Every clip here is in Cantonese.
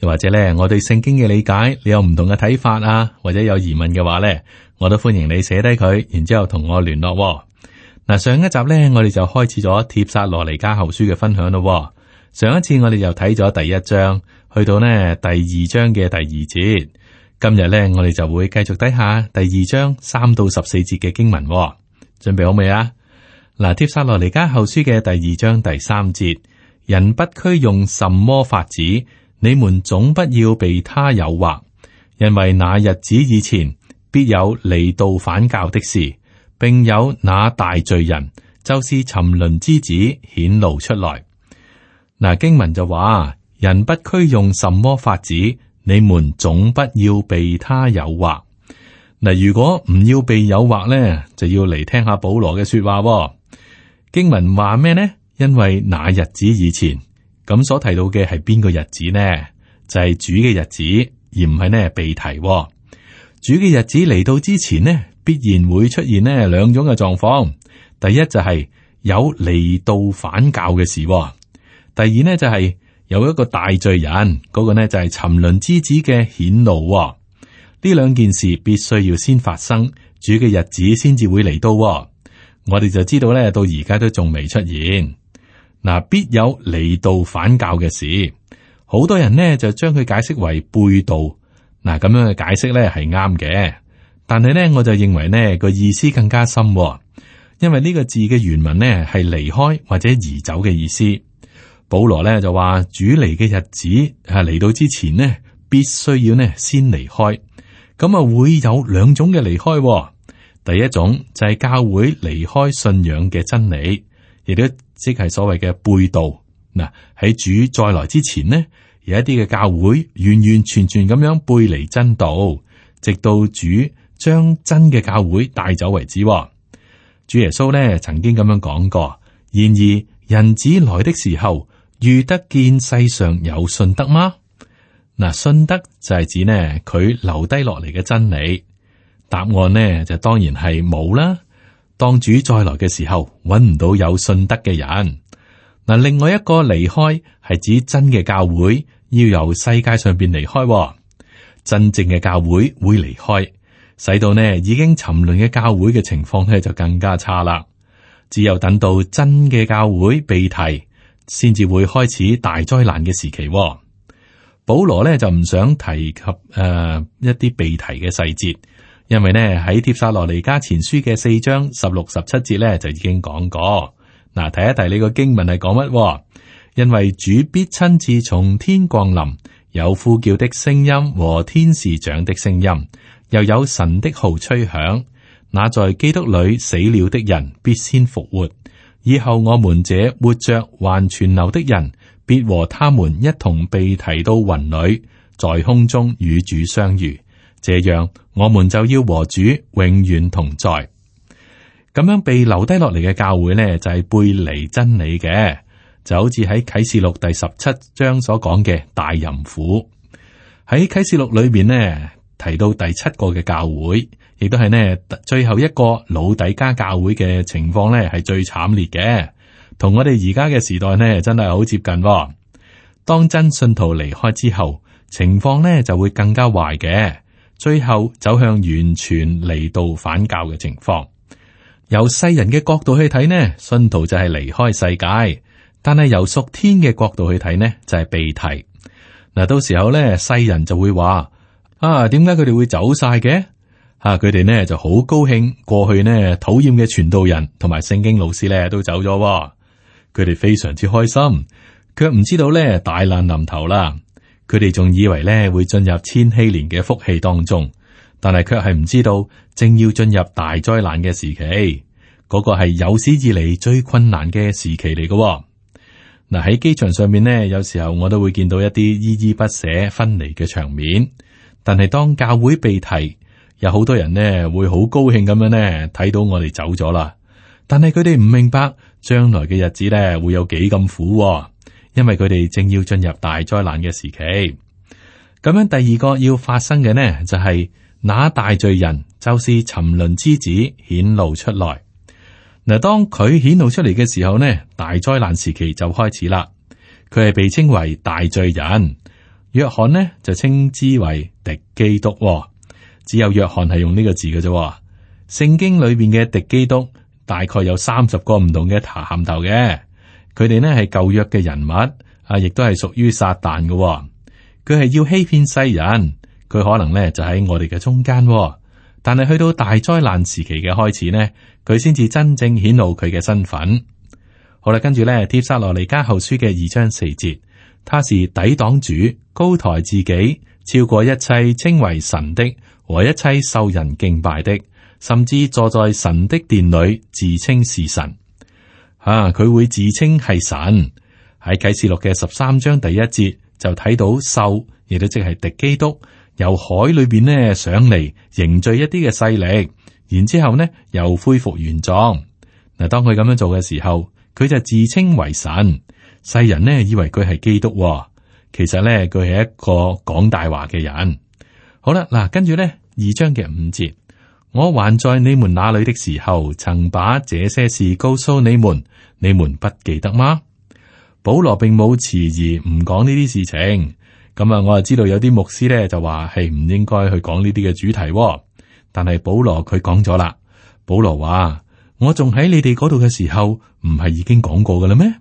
又或者咧，我對聖經嘅理解，你有唔同嘅睇法啊，或者有疑問嘅話呢，我都歡迎你寫低佢，然之後同我聯絡、哦。嗱，上一集呢，我哋就開始咗帖撒羅尼加後書嘅分享咯、哦。上一次我哋又睇咗第一章，去到呢，第二章嘅第二節。今日呢，我哋就會繼續睇下第二章三到十四節嘅經文、哦。準備好未啊？嗱，帖撒羅尼加後書嘅第二章第三節，人不拘用什麼法子？你們總不要被他誘惑，因為那日子以前必有離道反教的事，並有那大罪人，就是沉淪之子顯露出來。嗱，經文就話：人不拘用什麼法子？你們總不要被他誘惑。嗱，如果唔要被誘惑咧，就要嚟聽下保羅嘅說話。經文話咩呢？因為那日子以前。咁所提到嘅係邊個日子呢？就係、是、主嘅日子，而唔係呢被提、哦。主嘅日子嚟到之前呢，必然會出現呢兩種嘅狀況。第一就係、是、有離道反教嘅事、哦，第二呢就係、是、有一個大罪人，嗰、那個呢就係、是、沉淪之子嘅顯露、哦。呢兩件事必須要先發生，主嘅日子先至會嚟到、哦。我哋就知道呢，到而家都仲未出現。嗱，必有離道反教嘅事，好多人呢就將佢解釋為背道。嗱，咁樣嘅解釋咧，係啱嘅，但係咧我就認為呢個意思更加深喎，因為呢個字嘅原文呢係離開或者移走嘅意思。保羅咧就話主嚟嘅日子，係嚟到之前呢，必須要呢先離開。咁啊會有兩種嘅離開喎，第一種就係教會離開信仰嘅真理，亦都。即係所謂嘅背道。嗱，喺主再來之前呢，有一啲嘅教會完完全全咁樣背離真道，直到主將真嘅教會帶走為止。主耶穌呢曾經咁樣講過，然而人子來的時候，遇得見世上有信德嗎？嗱，信德就係指呢佢留低落嚟嘅真理，答案呢就當然係冇啦。當主再來嘅時候，搵唔到有信德嘅人。嗱，另外一個離開係指真嘅教會要由世界上邊離開，哦，真正嘅教會會離開，使到呢已經沉淪嘅教會嘅情況呢就更加差啦。只有等到真嘅教會被提，先至會開始大災難嘅時期，哦。保羅呢就唔想提及誒、呃、一啲被提嘅細節。因為呢，喺帖撒羅尼迦前書嘅四章十六十七節呢，就已經講過，嗱睇一睇呢個經文係講乜。因為主必親自從天降臨，有呼叫的聲音和天使長的聲音，又有神的號吹響。那在基督裏死了的人必先復活，以後我們這活着還存留的人，必和他們一同被提到雲裏，在空中與主相遇。這樣我們就要和主永遠同在。咁樣被留低落嚟嘅教會呢，就係背離真理嘅，就好似喺啟示錄第十七章所講嘅大淫婦。喺啟示錄裏面呢，提到第七個嘅教會，亦都係呢最後一個老底加教會嘅情況呢，係最慘烈嘅。同我哋而家嘅時代呢，真係好接近哦。當真信徒離開之後，情況呢就會更加壞嘅。最後走向完全離道反教嘅情況，由世人嘅角度去睇呢，信徒就係離開世界；但係由屬天嘅角度去睇呢，就係、是、被提。嗱，到時候呢，世人就會話：啊，點解佢哋會走晒嘅？吓、啊，佢哋呢就好高興過去呢，討厭嘅傳道人同埋聖經老師呢都走咗，佢哋非常之開心，卻唔知道呢大難臨頭啦。佢哋仲以為咧，會進入千禧年嘅福氣當中，但係卻係唔知道正要進入大災難嘅時期，嗰個係有史以嚟最困難嘅時期嚟嘅喎。嗱，喺機場上面呢，有時候我都會見到一啲依依不捨分離嘅場面，但係當教會被提，有好多人呢會好高興咁樣呢睇到我哋走咗啦，但係佢哋唔明白將來嘅日子咧，會有幾咁苦喎。因為佢哋正要進入大災難嘅時期，咁樣第二個要發生嘅呢，就係、是、那大罪人就是沉淪之子顯露出來。嗱，當佢顯露出嚟嘅時候呢，大災難時期就開始啦。佢係被稱為大罪人，約翰呢就稱之為敵基督、哦。只有約翰係用呢個字嘅啫。聖經裏面嘅敵基督大概有三十個唔同嘅銜頭嘅。佢哋呢係舊約嘅人物啊，亦都係屬於撒但嘅、哦。佢係要欺騙世人，佢可能咧就喺我哋嘅中間、哦。但係去到大災難時期嘅開始呢，佢先至真正顯露佢嘅身份。好啦，跟住咧帖撒羅尼迦後書嘅二章四節，他是抵擋主、高抬自己、超過一切稱為神的和一切受人敬拜的，甚至坐在神的殿裏自稱是神。啊！佢會自稱係神。喺啟示錄嘅十三章第一節就睇到獸，亦都即係敵基督，由海裏邊呢上嚟，凝聚一啲嘅勢力，然之後呢又恢復原狀。嗱，當佢咁樣做嘅時候，佢就自稱為神，世人呢以為佢係基督，哦，其實呢佢係一個講大話嘅人。好啦，嗱，啊，跟住呢二章嘅五節，我還在你們那裏的時候，曾把這些事告訴你們。你們不記得嗎？保羅並冇遲疑，唔講呢啲事情。咁、嗯、啊，我就知道有啲牧師咧就話係唔應該去講呢啲嘅主題、哦。但係保羅佢講咗啦，保羅話：我仲喺你哋嗰度嘅時候，唔係已經講過嘅啦咩？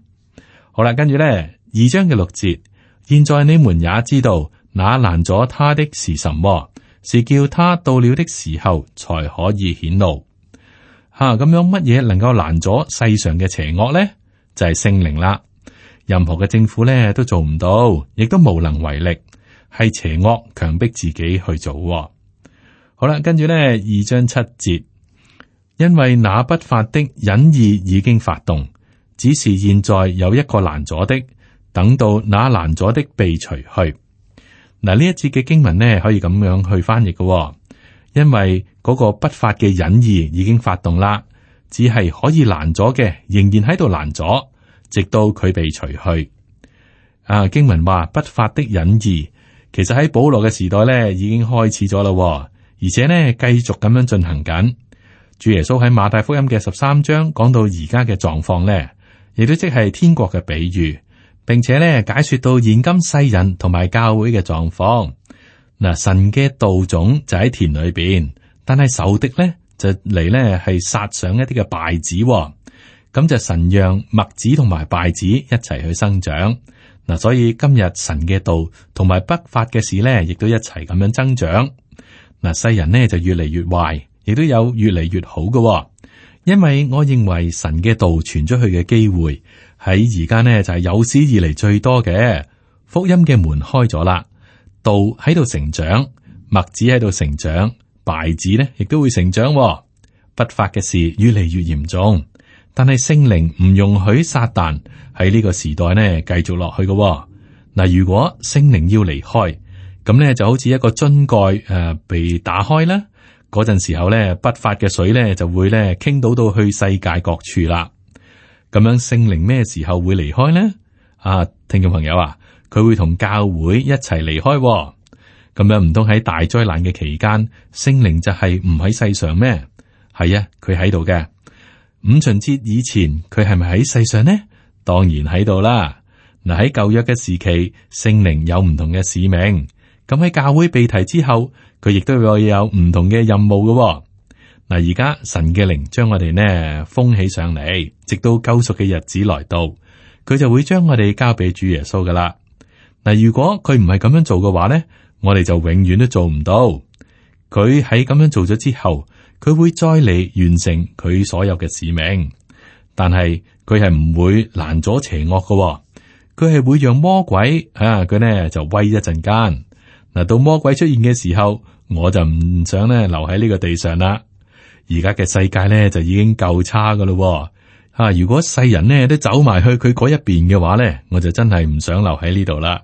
好啦，跟住咧二章嘅六節，現在你們也知道那攔阻他的是什麼？是叫他到了的時候才可以顯露。吓咁、啊、樣乜嘢能夠攔阻世上嘅邪惡咧？就係聖靈啦，任何嘅政府咧都做唔到，亦都無能為力，係邪惡強迫自己去做、哦。好啦，跟住咧二章七節，因為那不法的隱意已經發動，只是現在有一個攔阻的，等到那攔阻的被除去。嗱、啊、呢一節嘅經文咧可以咁樣去翻譯嘅、哦。因為嗰個不法嘅隱意已經發動啦，只係可以攔阻嘅，仍然喺度攔阻，直到佢被除去。啊，經文話不法的隱意，其實喺保羅嘅時代咧已經開始咗啦，而且咧繼續咁樣進行緊。主耶穌喺馬太福音嘅十三章講到而家嘅狀況咧，亦都即係天國嘅比喻，並且咧解說到現今世人同埋教會嘅狀況。嗱，神嘅道種就喺田裏邊，但係仇敵咧就嚟咧係撒上一啲嘅稗子，哦，咁就神讓麥子同埋稗子一齊去生長。嗱，所以今日神嘅道同埋不法嘅事咧，亦都一齊咁樣增長。嗱，世人呢就越嚟越壞，亦都有越嚟越好嘅，哦。因為我認為神嘅道傳出去嘅機會喺而家呢就係、是、有史以嚟最多嘅，福音嘅門開咗啦。道喺度成長，麥子喺度成長，稗子咧亦都會成長、哦。不法嘅事越嚟越嚴重，但係聖靈唔容許撒旦喺呢個時代呢繼續落去嘅。嗱，如果聖靈要離開，咁咧就好似一個樽蓋誒被打開啦，嗰陣時候咧不法嘅水咧就會咧傾倒到去世界各處啦。咁樣聖靈咩時候會離開呢？啊，聽眾朋友啊！佢會同教會一齊離開喎，咁樣唔通喺大災難嘅期間，聖靈就係唔喺世上咩？係啊，佢喺度嘅。五旬節以前，佢係咪喺世上呢？當然喺度啦。嗱，喺舊約嘅時期，聖靈有唔同嘅使命。咁喺教會被提之後，佢亦都會有唔同嘅任務嘅喎。嗱，而家神嘅靈將我哋呢，封起上嚟，直到救贖嘅日子來到，佢就會將我哋交俾主耶穌噶啦。嗱，如果佢唔係咁樣做嘅話咧，我哋就永遠都做唔到。佢喺咁樣做咗之後，佢會再嚟完成佢所有嘅使命。但係佢係唔會攔阻邪惡嘅、哦，佢係會讓魔鬼啊，佢咧就威一陣間。嗱，到魔鬼出現嘅時候，我就唔想咧留喺呢個地上啦。而家嘅世界咧就已經夠差噶啦，哦，吓，啊！如果世人咧都走埋去佢嗰一邊嘅話咧，我就真係唔想留喺呢度啦。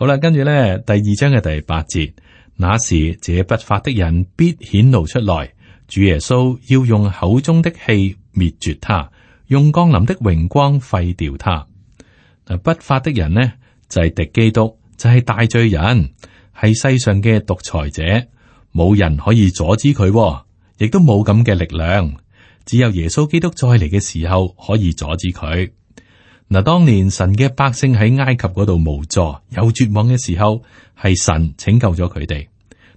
好啦，跟住咧，第二章嘅第八節，那時這不法的人必顯露出來，主耶穌要用口中的氣滅絕他，用降臨的榮光廢掉他。嗱，不法的人呢就係、是、敵基督，就係、是、大罪人，係世上嘅獨裁者，冇人可以阻止佢、哦，亦都冇咁嘅力量，只有耶穌基督再嚟嘅時候可以阻止佢。嗱，當年神嘅百姓喺埃及嗰度無助、有絕望嘅時候，係神拯救咗佢哋。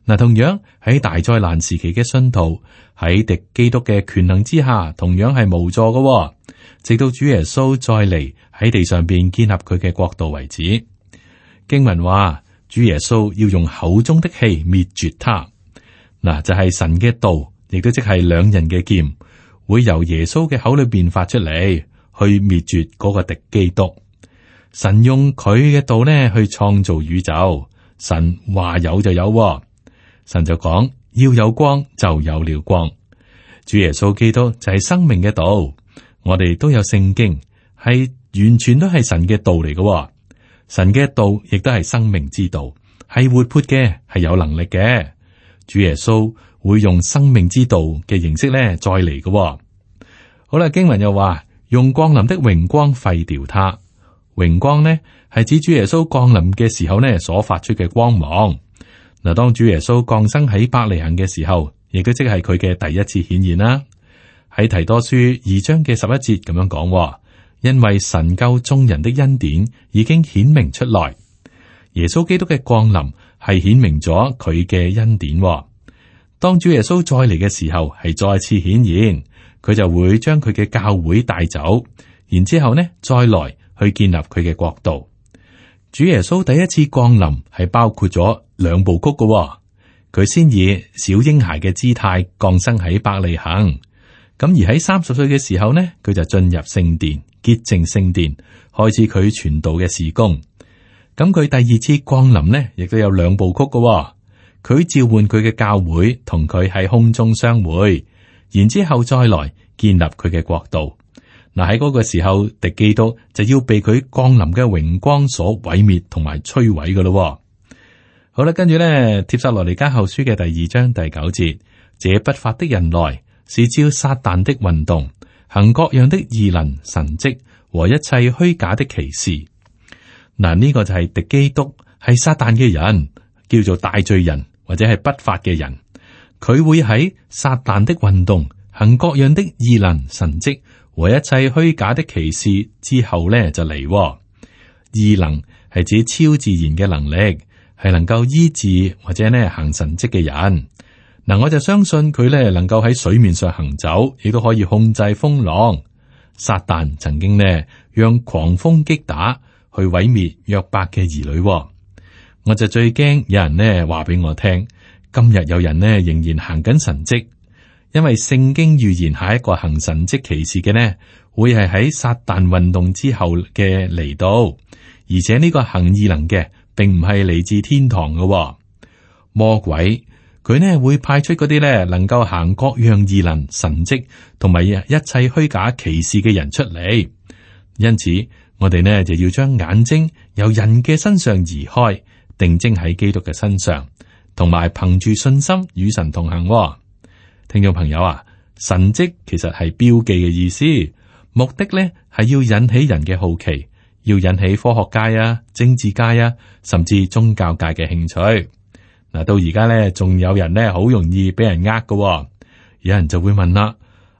嗱，同樣喺大災難時期嘅信徒喺敵基督嘅權能之下，同樣係無助㗎喎。直到主耶穌再嚟喺地上邊建立佢嘅國度為止。經文話，主耶穌要用口中的氣滅絕他。嗱，就係神嘅道，亦都即係兩人嘅劍，會由耶穌嘅口裏邊發出嚟。去滅絕嗰個敵基督，神用佢嘅道咧，去創造宇宙。神話有就有，哦，神就講要有光就有了光。主耶穌基督就係生命嘅道，我哋都有聖經係完全都係神嘅道嚟嘅，哦。神嘅道亦都係生命之道，係活潑嘅，係有能力嘅。主耶穌會用生命之道嘅形式咧，再嚟嘅，哦。好啦，經文又話。用降臨的榮光廢掉他，榮光呢係指主耶穌降臨嘅時候呢所發出嘅光芒。嗱，當主耶穌降生喺伯利恒嘅時候，亦都即係佢嘅第一次顯現啦。喺提多書二章嘅十一節咁樣講，因為神救眾人的恩典已經顯明出來，耶穌基督嘅降臨係顯明咗佢嘅恩典。當主耶穌再嚟嘅時候，係再次顯現。佢就會將佢嘅教會帶走，然之後呢，再來去建立佢嘅國度。主耶穌第一次降臨係包括咗兩部曲噶，哦，佢先以小嬰孩嘅姿態降生喺伯利恆，咁而喺三十歲嘅時候呢，佢就進入聖殿潔淨聖殿，開始佢傳道嘅事工。咁佢第二次降臨呢，亦都有兩部曲噶，哦，佢召喚佢嘅教會同佢喺空中相會。然之後再來建立佢嘅國度，嗱，喺嗰個時候，敵基督就要被佢降臨嘅榮光所毀滅同埋摧毀噶咯。好啦，跟住咧，帖撒羅尼迦後書嘅第二章第九節，這不法的人來，是照撒旦的運動，行各樣的異能、神蹟和一切虛假的奇事。嗱，呢個就係敵基督，係撒旦嘅人，叫做大罪人或者係不法嘅人。佢會喺撒但的運動，行各樣的異能神蹟、和一切虛假的奇事之後呢，就嚟、哦。異能係指超自然嘅能力，係能夠醫治或者咧行神蹟嘅人。嗱，我就相信佢呢，能夠喺水面上行走，亦都可以控制風浪。撒但曾經呢，讓狂風擊打去毀滅約伯嘅兒女、哦。我就最驚有人呢話俾我聽。今日有人呢仍然行緊神蹟，因為聖經預言下一個行神蹟奇事嘅呢，會係喺撒旦運動之後嘅嚟到，而且呢個行異能嘅，並唔係嚟自天堂嘅、哦、魔鬼，佢呢會派出嗰啲呢能夠行各樣異能神蹟同埋一切虛假奇事嘅人出嚟，因此我哋呢就要將眼睛由人嘅身上移開，定睛喺基督嘅身上。同埋憑住信心與神同行、哦，聽眾朋友啊，神蹟其實係標記嘅意思，目的咧係要引起人嘅好奇，要引起科學界啊、政治界啊，甚至宗教界嘅興趣。嗱，到而家咧，仲有人咧好容易俾人呃㗎、哦，有人就會問啦：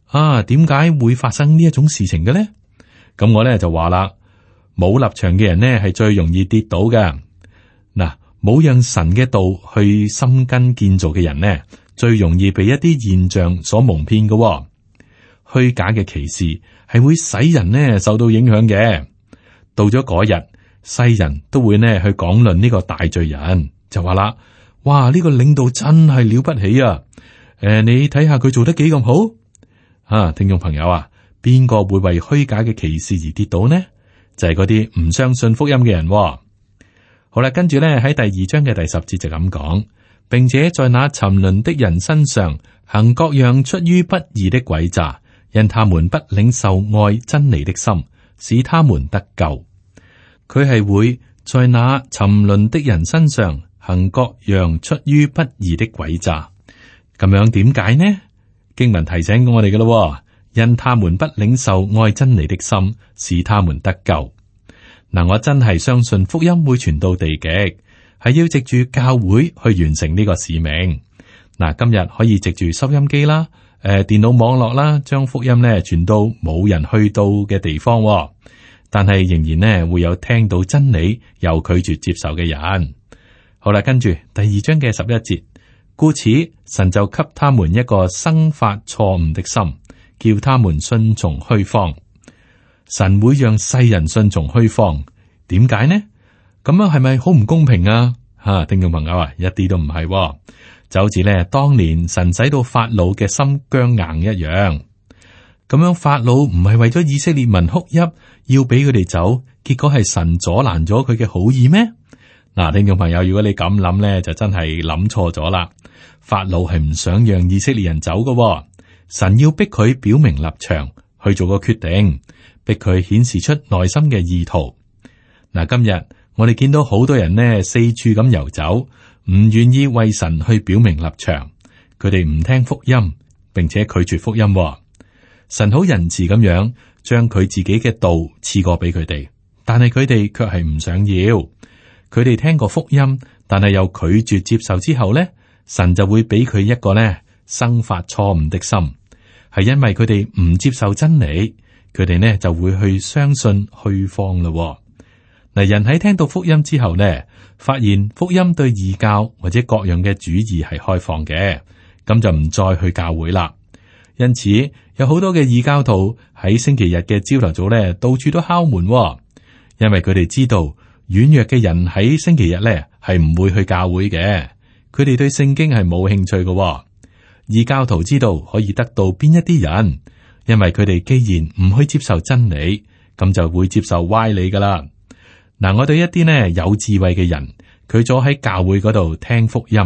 啊，點解會發生呢一種事情嘅咧？咁我咧就話啦，冇立場嘅人咧係最容易跌倒嘅。冇讓神嘅道去深根建造嘅人呢，最容易被一啲現象所蒙騙嘅、哦。虛假嘅奇事係會使人呢受到影響嘅。到咗嗰日，世人都會呢去講論呢個大罪人，就話啦：哇，呢、這個領導真係了不起啊！誒、呃，你睇下佢做得幾咁好啊？聽眾朋友啊，邊個會為虛假嘅奇事而跌倒呢？就係嗰啲唔相信福音嘅人、哦。好啦，跟住咧，喺第二章嘅第十節就咁講，並且在那沉淪的人身上行各樣出於不義的詭詐，因他們不領受愛真理的心，使他們得救。佢係會在那沉淪的人身上行各樣出於不義的詭詐。咁樣點解呢？經文提醒我哋嘅咯，因他們不領受愛真理的心，使他們得救。嗱，我真係相信福音會傳到地極，係要藉住教會去完成呢個使命。嗱，今日可以藉住收音機啦，誒、呃，電腦網絡啦，將福音咧傳到冇人去到嘅地方，哦。但係仍然咧會有聽到真理又拒絕接受嘅人。好啦，跟住第二章嘅十一節，故此神就給他們一個生發錯誤的心，叫他們順從虛謊。神會讓世人信從虛謊，點解呢？咁樣係咪好唔公平啊？吓、啊，聽眾朋友啊，一啲都唔係、哦。就好似咧，當年神使到法老嘅心僵硬一樣，咁樣法老唔係為咗以色列民哭泣，要俾佢哋走，結果係神阻攔咗佢嘅好意咩？嗱、啊，聽眾朋友，如果你咁諗咧，就真係諗錯咗啦。法老係唔想讓以色列人走噶、哦，神要逼佢表明立場，去做個決定。佢顯示出內心嘅意圖。嗱，今日我哋見到好多人呢，四處咁遊走，唔願意為神去表明立場。佢哋唔聽福音，並且拒絕福音。神好仁慈咁樣，將佢自己嘅道賜過俾佢哋，但係佢哋卻係唔想要。佢哋聽過福音，但係又拒絕接受之後呢，神就會俾佢一個呢生發錯誤的心，係因為佢哋唔接受真理。佢哋呢就會去相信虛謊咯。嗱，人喺聽到福音之後呢，發現福音對異教或者各樣嘅主義係開放嘅，咁就唔再去教會啦。因此，有好多嘅異教徒喺星期日嘅朝頭早呢，到處都敲門，哦，因為佢哋知道軟弱嘅人喺星期日呢係唔會去教會嘅，佢哋對聖經係冇興趣嘅，哦。異教徒知道可以得到邊一啲人。因為佢哋既然唔去接受真理，咁就會接受歪理噶啦。嗱，我對一啲呢有智慧嘅人，佢坐喺教會嗰度聽福音，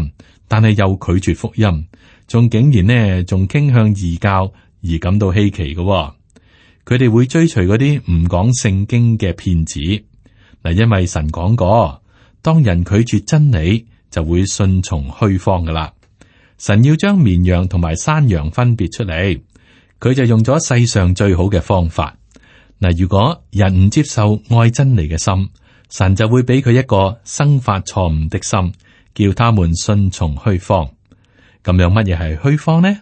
但係又拒絕福音，仲竟然呢仲傾向異教而感到稀奇嘅，佢哋會追隨嗰啲唔講聖經嘅騙子。嗱，因為神講過，當人拒絕真理，就會順從虛方噶啦。神要將綿羊同埋山羊分別出嚟。佢就用咗世上最好嘅方法。嗱，如果人唔接受愛真理嘅心，神就會俾佢一個生發錯誤的心，叫他們順從虛謊。咁有乜嘢係虛謊呢？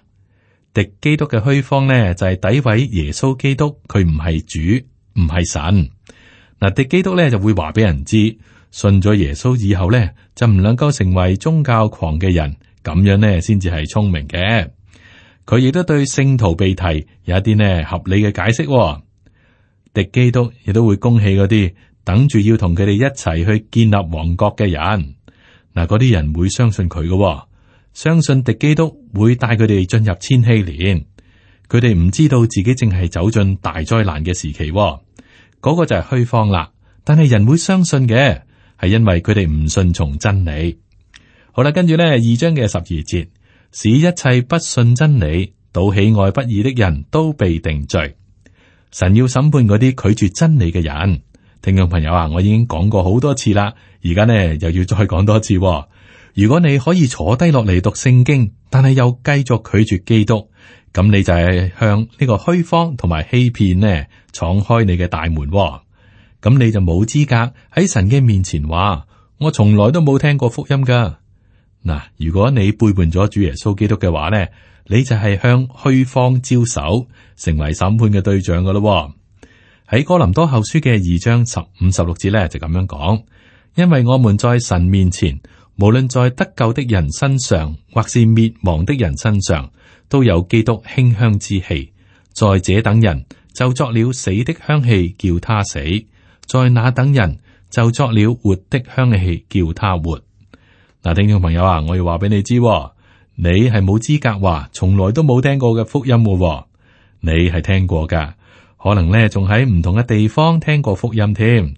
敵基督嘅虛謊呢，就係詆毀耶穌基督，佢唔係主，唔係神。嗱，敵基督呢就會話俾人知，信咗耶穌以後呢，就唔能夠成為宗教狂嘅人，咁樣呢先至係聰明嘅。佢亦都對聖徒被提有一啲呢合理嘅解釋。哦，敵基督亦都會恭喜嗰啲等住要同佢哋一齊去建立王國嘅人。嗱，嗰啲人會相信佢嘅，哦，相信敵基督會帶佢哋進入千禧年。佢哋唔知道自己正係走進大災難嘅時期。哦，嗰、嗰個就係虛放啦。但係人會相信嘅，係因為佢哋唔信從真理。好啦，跟住呢二章嘅十二節。使一切不信真理、倒喜愛不義的人都被定罪。神要審判嗰啲拒絕真理嘅人。聽眾朋友啊，我已經講過好多次啦，而家呢又要再講多次。如果你可以坐低落嚟讀聖經，但係又繼續拒絕基督，咁你就係向呢個虛謊同埋欺騙呢敞開你嘅大門。咁你就冇資格喺神嘅面前話我從來都冇聽過福音噶。嗱，如果你背叛咗主耶穌基督嘅話呢，你就係向虛方招手，成為審判嘅對象噶咯。喺哥林多後書嘅二章十五十六節咧就咁樣講，因為我們在神面前，無論在得救的人身上，或是滅亡的人身上，都有基督馨香之氣。在這等人就作了死的香氣，叫他死；在那等人就作了活的香氣，叫他活。嗱，聽眾朋友啊，我要話俾你知，你係冇資格話從來都冇聽過嘅福音嘅。你係聽過㗎，可能咧仲喺唔同嘅地方聽過福音添。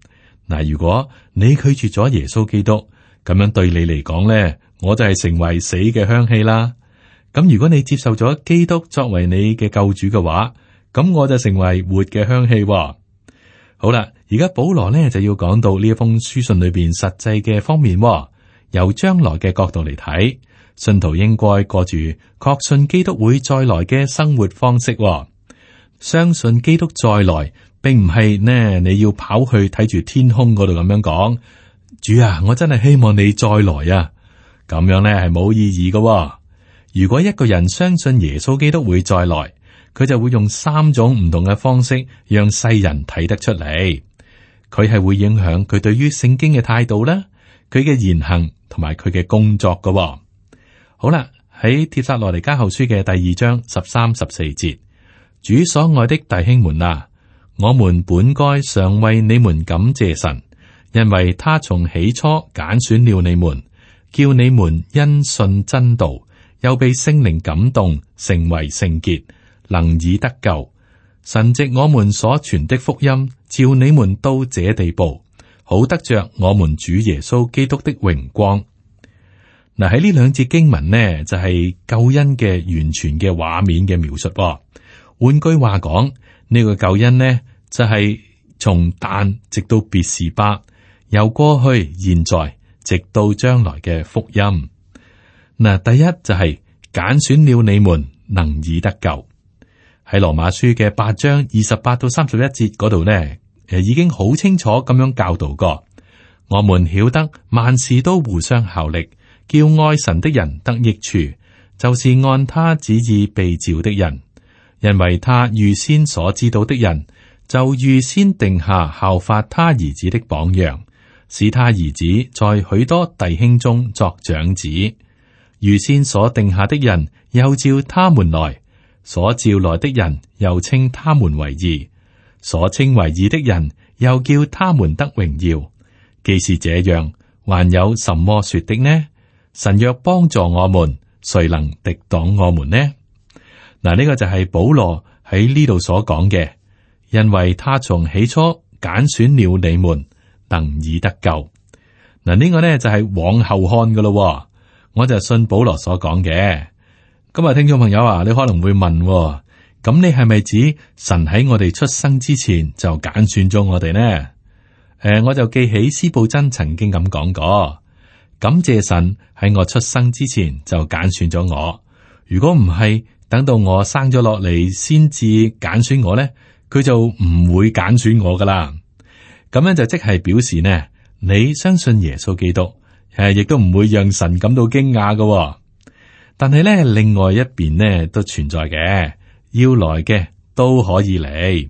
嗱，如果你拒絕咗耶穌基督，咁樣對你嚟講咧，我就係成為死嘅香氣啦。咁如果你接受咗基督作為你嘅救主嘅話，咁我就成為活嘅香氣。好啦，而家保羅咧就要講到呢一封書信裏邊實際嘅方面。由將來嘅角度嚟睇，信徒應該過住確信基督會再來嘅生活方式喎。相信基督再來，並唔係呢，你要跑去睇住天空嗰度咁樣講。主啊，我真係希望你再來啊！咁樣呢係冇意義噶喎。如果一個人相信耶穌基督會再來，佢就會用三種唔同嘅方式，讓世人睇得出嚟。佢係會影響佢對於聖經嘅態度啦。佢嘅言行同埋佢嘅工作嘅、哦，好啦，喺帖撒羅尼迦後書嘅第二章十三、十四節，主所愛的弟兄們啊，我們本該常為你們感謝神，因為他從起初揀選了你們，叫你們因信真道，又被聖靈感動，成為聖潔，能以得救。神藉我們所傳的福音，照你們到這地步。好得着我們主耶穌基督的榮光。嗱，喺呢兩節經文呢就係、是、救恩嘅完全嘅畫面嘅描述、喎。換句話講，呢、這個救恩呢就係、是、從但直到別是巴，由過去、現在直到將來嘅福音。嗱，第一就係、是、揀選了你們，能以得救。喺羅馬書嘅八章二十八到三十一節嗰度呢？誒，已經好清楚咁樣教導過，我們曉得萬事都互相效力，叫愛神的人得益處，就是按他旨意被召的人，因為他預先所知道的人，就預先定下效法他兒子的榜樣，使他兒子在許多弟兄中作長子。預先所定下的人，又召他們來，所召來的人，又稱他們為義。所稱為義的人，又叫他們得榮耀。既是這樣，還有什麼說的呢？神若幫助我們，誰能敵擋我們呢？嗱，呢個就係保羅喺呢度所講嘅，因為他從起初揀選了你們，能以得救。嗱，呢個呢，就係往後看噶咯。我就信保羅所講嘅。今日聽眾朋友啊，你可能會問喎。咁你係咪指神喺我哋出生之前就揀選咗我哋呢？誒、呃，我就記起司布真曾經咁講過，感謝神喺我出生之前就揀選咗我。如果唔係等到我生咗落嚟先至揀選我呢，佢就唔會揀選我噶啦。咁樣就即係表示呢，你相信耶穌基督，誒、呃，亦都唔會讓神感到驚訝噶、哦。但係咧，另外一邊呢都存在嘅。要來嘅都可以嚟，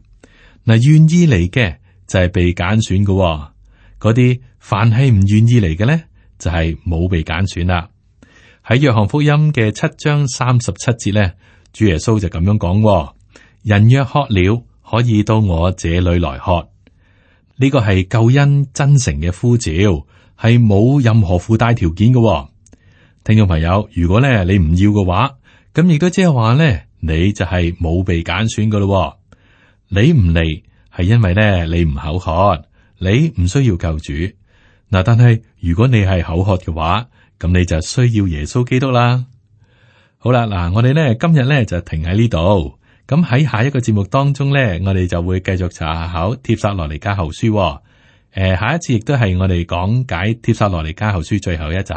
嗱，願意嚟嘅就係、是、被揀選嘅、哦，嗰啲凡係唔願意嚟嘅咧就係、是、冇被揀選啦。喺約翰福音嘅七章三十七節咧，主耶穌就咁樣講、哦：人若渴了，可以到我這裏來喝。呢個係救恩真誠嘅呼召，係冇任何附帶條件嘅、哦。聽眾朋友，如果咧你唔要嘅話，咁亦都即係話咧。你就係冇被揀選噶咯、哦，你唔嚟，係因為咧你唔口渴，你唔需要救主。嗱，但係如果你係口渴嘅話，咁你就需要耶穌基督啦。好啦，嗱，我哋咧今日咧就停喺呢度。咁喺下一個節目當中咧，我哋就會繼續查下考帖撒羅尼迦後書、哦。誒、呃，下一次亦都係我哋講解帖撒羅尼迦後書最後一集。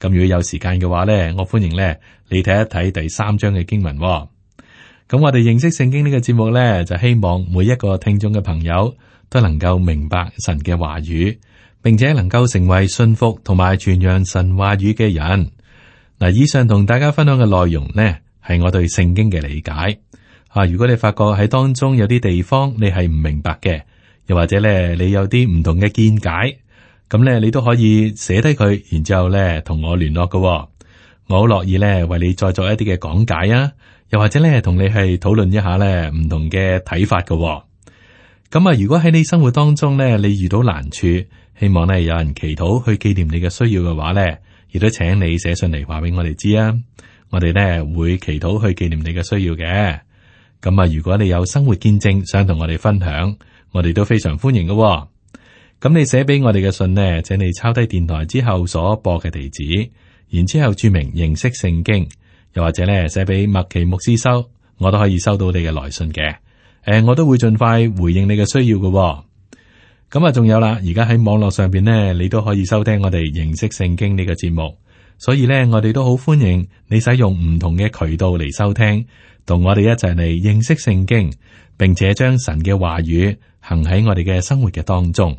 咁如果有時間嘅話咧，我歡迎咧你睇一睇第三章嘅經文、哦。咁我哋認識聖經呢個節目呢，就希望每一個聽眾嘅朋友都能夠明白神嘅話語，並且能夠成為信服同埋傳揚神話語嘅人。嗱，以上同大家分享嘅內容呢，係我對聖經嘅理解。啊，如果你發覺喺當中有啲地方你係唔明白嘅，又或者咧你有啲唔同嘅見解，咁咧你都可以寫低佢，然之後咧同我聯絡㗎喎。我好樂意咧為你再做一啲嘅講解啊！又或者咧，同你係討論一下咧唔同嘅睇法嘅。咁啊，如果喺你生活當中咧，你遇到難處，希望咧有人祈禱去紀念你嘅需要嘅話咧，亦都請你寫信嚟話俾我哋知啊。我哋咧會祈禱去紀念你嘅需要嘅。咁啊，如果你有生活見證想同我哋分享，我哋都非常歡迎嘅喎。咁你寫俾我哋嘅信呢，請你抄低電台之後所播嘅地址，然之後注明認識聖經。又或者咧，寫俾麥奇牧師收，我都可以收到你嘅來信嘅。誒、呃，我都會盡快回應你嘅需要嘅、哦。咁啊，仲有啦，而家喺網絡上邊呢，你都可以收聽我哋認識聖經呢、這個節目。所以呢，我哋都好歡迎你使用唔同嘅渠道嚟收聽，同我哋一齊嚟認識聖經，並且將神嘅話語行喺我哋嘅生活嘅當中。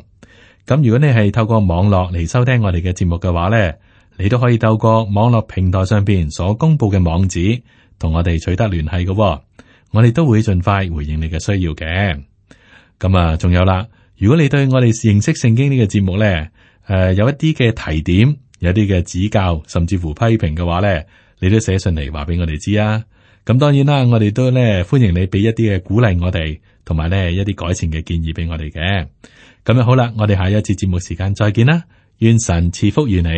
咁如果你係透過網絡嚟收聽我哋嘅節目嘅話呢，你都可以透過網絡平台上邊所公布嘅網址，同我哋取得聯繫嘅。我哋都會盡快回應你嘅需要嘅。咁啊，仲有啦，如果你對我哋認識聖經呢、這個節目呢，誒、呃，有一啲嘅提點，有一啲嘅指教，甚至乎批評嘅話呢，你都寫信嚟話俾我哋知啊。咁當然啦，我哋都咧歡迎你俾一啲嘅鼓勵我哋，同埋呢一啲改善嘅建議俾我哋嘅。咁啊，好啦，我哋下一次節目時間再見啦。願神賜福於你。